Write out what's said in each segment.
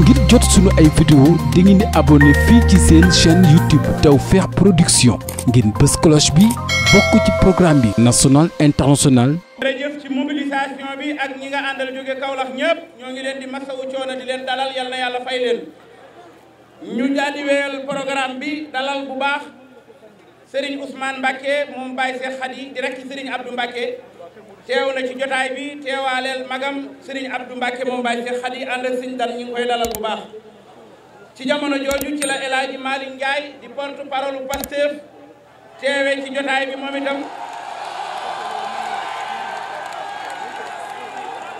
ngir jot suñu ay vidéo di ngeen di abonné fii ci seen chaîne YouTube Tawfekh Production ngeen bës cloche bi bokk ci programme bi national international jërëjëf ci mobilisation bi ak ñi nga àndal jóge Kaolack ñëpp ñoo ngi leen di masawu coono di leen dalal yal yàlla fay leen ñu daldi wéyal programme bi dalal bu baax Serigne Ousmane Mbacké moom Baye Cheikh Khady di rek ci Serigne Abdou Mbacké teewu na ci jotaay bi teewaaleel magam Serigne Abdou Mbacke moom Baye Cheikh Khady ànd ak Serigne Dal ñu ngi koy dalal bu baax. ci jamono jooju ci la El Hadj Malick Ndiaye di porte parole Pastef teewee ci jotaay bi moom itam.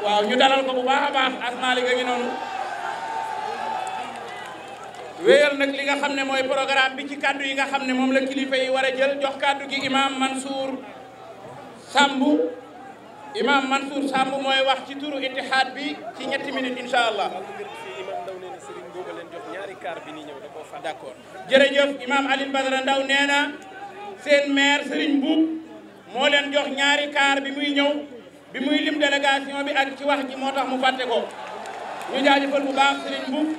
waaw ñu dalal ko bu baax a baax as Malick ngi noonu. wéyal nag li nga xam ne mooy programme bi ci kaddu yi nga xam ne moom la kilifa yi war a jël jox kaddu gi imam Mansour Sambu. imam Mansour Samb mooy wax ci turu Ittihad bi ci ñetti minutes incha allah. d'accord jërëjëf imam Alioune Badara Ndaw nee na seen maire Serigne Mboup moo leen jox ñaari kaar bi muy ñëw bi muy lim délégation bi ak ci wax ji moo tax mu fàtte ko ñu jaajëfal bu baax Serigne Mboup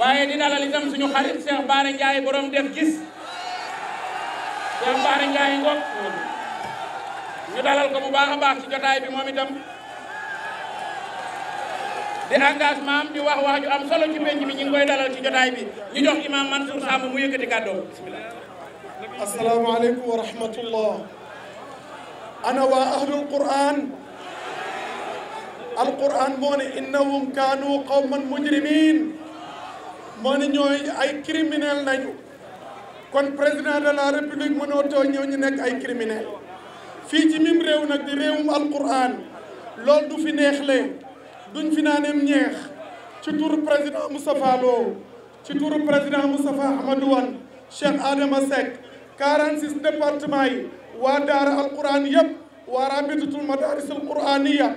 waaye di dalal itam suñu xarit Cheikh Bara Ndiaye borom def gis Cheikh Bara Ndiaye ngok ñu dalal ko bu baax a baax ci jotaay bi moom itam di engagement am di wax wax ju am solo ci penc bi ñu ngi koy dalal ci jotaay bi ñu jox imam Mansour Samb mu yëkkati kàddoom bismillah asalaamaaleykum wa rahmatullah ana waa ahlul quran alquran moo ne innahum kaanu qawman mujrimin moo ne ñooy ay criminel nañu kon président de la république mënootoo ñëw ñu nekk ay criminel fii ci mim réew nag di réewum alquran loolu du fi neexle duñ fi naanem ñeex ci turu président Moustapha Lo ci turu président Moustapha Ahmadou Wane Cheikh Adama Seck 46 département yi waa daara alquran yëpp waa rabitatul madaris alquraniya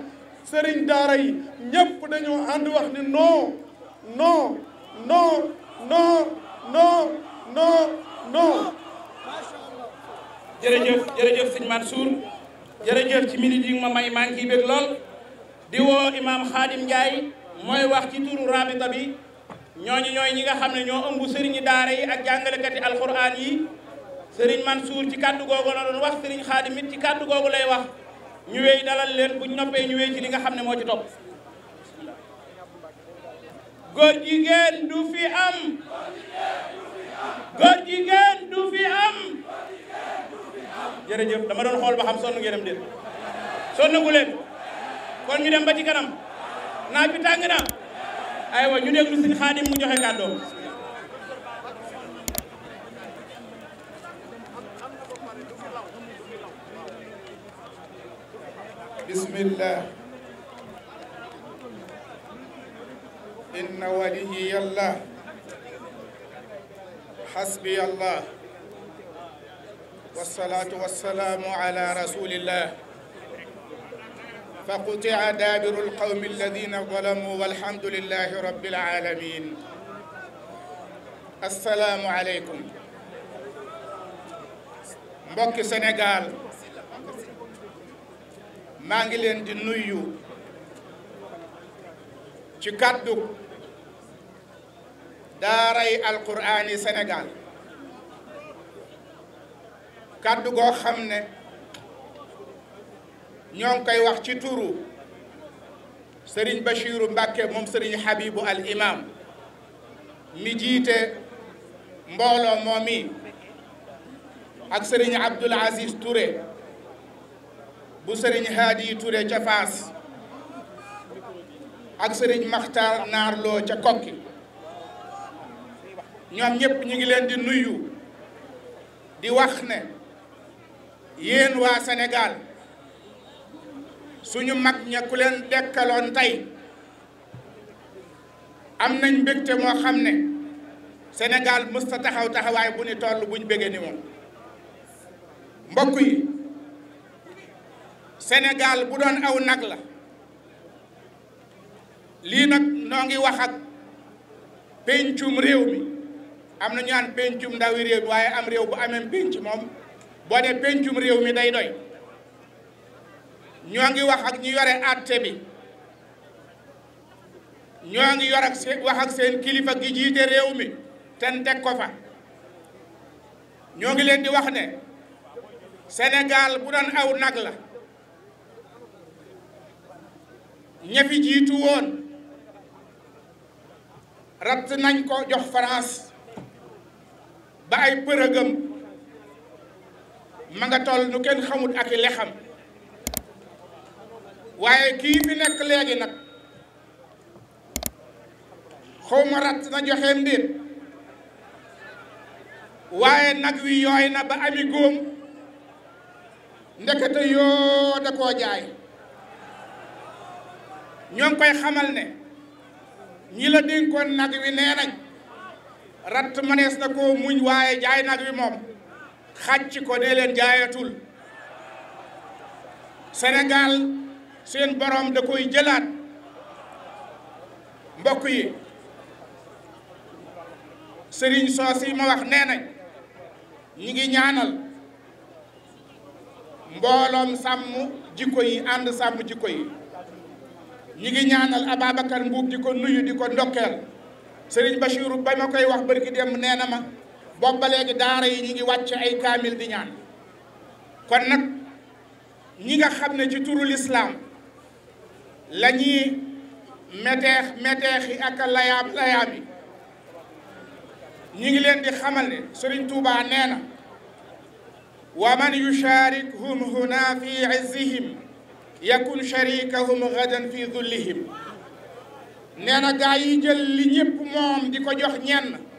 sëriñ daara yi ñëpp dañoo ànd wax ni non non non non non non non jërëjëf jërëjëf sëñ Mansour jërëjëf ci minute yi ma may maa ngi ciy bëgg lool di woo imaam Khadim Ndiaye mooy wax ci turu rabita bi ñooñu ñooy ñi nga xam ne ñoo ëmb sëriñi daara yi ak jàngalekati alquran yi sëriñ Mansour ci kàddu googu la doon wax sëriñ Khadim it ci kàddu lay wax ñu wéy dalal leen buñ noppee ñu wéy ci li nga xam ne moo ci topp góor du fi am góor du fi am jërëjëf dama doon xool ba xam sonn ngeen am déet sonn gu leen kon ñu dem ba ci kanam naaj bi tàng na aywa ñu déglu sëñ Xaadim mu joxe kàddoom bismillah inna waliyi allah hasbi allah والصلاة والسلام على رسول الله فقطع دابر القوم الذين ظلموا والحمد لله رب العالمين السلام عليكم mbokki Sénégal maa ngi leen di nuyu ci kàddu daaray alqur'ani Sénégal kàddu goo xam ne ñoo ngi koy wax ci turu sëriñ Bachiru Mbàkke moom Serigne Habibu al imam mi jiite mbooloo moom mi ak sëriñ Abdoul Aziz Touré bu Serigne Hadi Touré ca Faas ak sëriñ Makhtar Naarloo ca Kokki ñoom ñëpp ñu ngi leen di nuyu di wax ne yéen waa Sénégal suñu mag ña ku leen dekkaloon tey am nañ mbégte moo xam ne Sénégal mës ta taxaw taxawaay bu ni toll buñ bége ni moom mbokk yi Sénégal bu doon aw nag la lii nag noo ngi wax ak pencum réew mi am na ñu naan pencum ndawi réew mi waaye am réew bu amee penc moom bone ne pencum réew mi day doy ñoo ngi wax ak ñu yore àtte bi ñoo ngi yor ak seen wax ak seen kilifa gi jiite réew mi ten teg ko fa ñoo ngi leen di wax ne Sénégal bu doon aw nag la ña jiitu woon ratt nañ ko jox France ba ay përëgëm ma nga toll nu kenn xamut ak i lexam waaye kii fi nekk léegi nag xaw ma rat na joxe mbir waaye nag wi yooy na ba ami góom ndekete yoo da koo jaay ñoo ngi koy xamal ne ñiila la dénkoon nag wi nee nañ rat manees na koo muñ waaye jaay nag wi moom xàcc ko ne leen jaayatul Sénégal seen borom da koy jëlaat mbokk yi sëriñ soos yi ma wax nee nañ ñi ngi ñaanal mbooloom sàmm jikko yi ànd sàmm jikko yi ñi ngi ñaanal Ababacar Mbuub di ko nuyu di ko ndokkeel sëriñ Bachiru ba ma koy wax bërki dem nee na ma boobu ba léegi daara yi ñu ngi wàcc ay kaamil di ñaan kon nag ñi nga xam ne ci turu lislaam la ñuy meteex meteex yi ak layaam yi ñi ngi leen di xamal ne Sëriñ Tuubaa nee na wa man yushaarikhum huna fi izzihim yakun sharikahum gadan fi dullihim nee na gaa yi jël li ñëpp moom di ko jox ñenn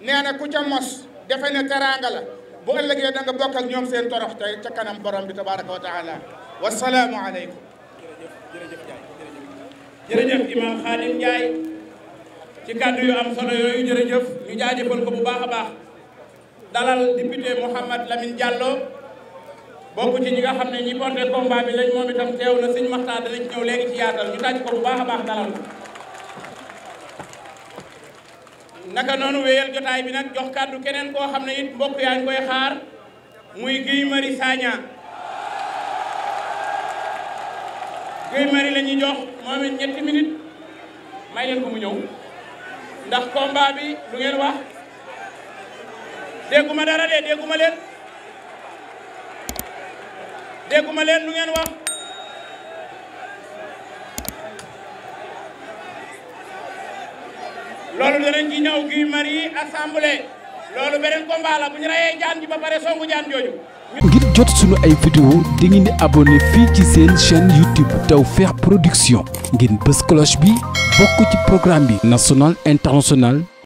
nee na ku ca mos defe ne teraanga la bu ëllëgee da nga ñoom seen torox tey ca kanam borom bi tabaraka wa taala wasalaamu aleykum jërëjëf jërëjëf imam Khadim Ndiaye ci kàddu yu am solo yooyu jërëjëf ñu jaajëfal ko bu baax a baax dalal député Mouhamed Lamine Diallo bokk ci ñi nga xam ne ñi porté combat bi lañ moom itam teew na sëñ Maxtaar danañ ñëw léegi ci yaatal ñu tàcc ko bu baax a baax dalal naka noonu wéyal jotaay bi nag jox kàddu keneen koo xam ne it mbokk yaa ngi koy xaar muy Guy Marius Sagna Guy Marius la ñuy jox moom ñetti minutes may leen ko mu ñëw ndax combat bi lu ngeen wax dégguma dara de dégguma leen dégguma leen lu ngeen wax loolu danañ ci ñëw Guy Marius assemblée loolu beneen combat la bu ñu rayee jaan ji ba pare songu jaan jooju. ngir jot suñu ay vidéo di ngeen di abonné fii ci seen chaîne YouTube Tawfekh Production ngeen bës cloche bi bokk ci programme bi national international.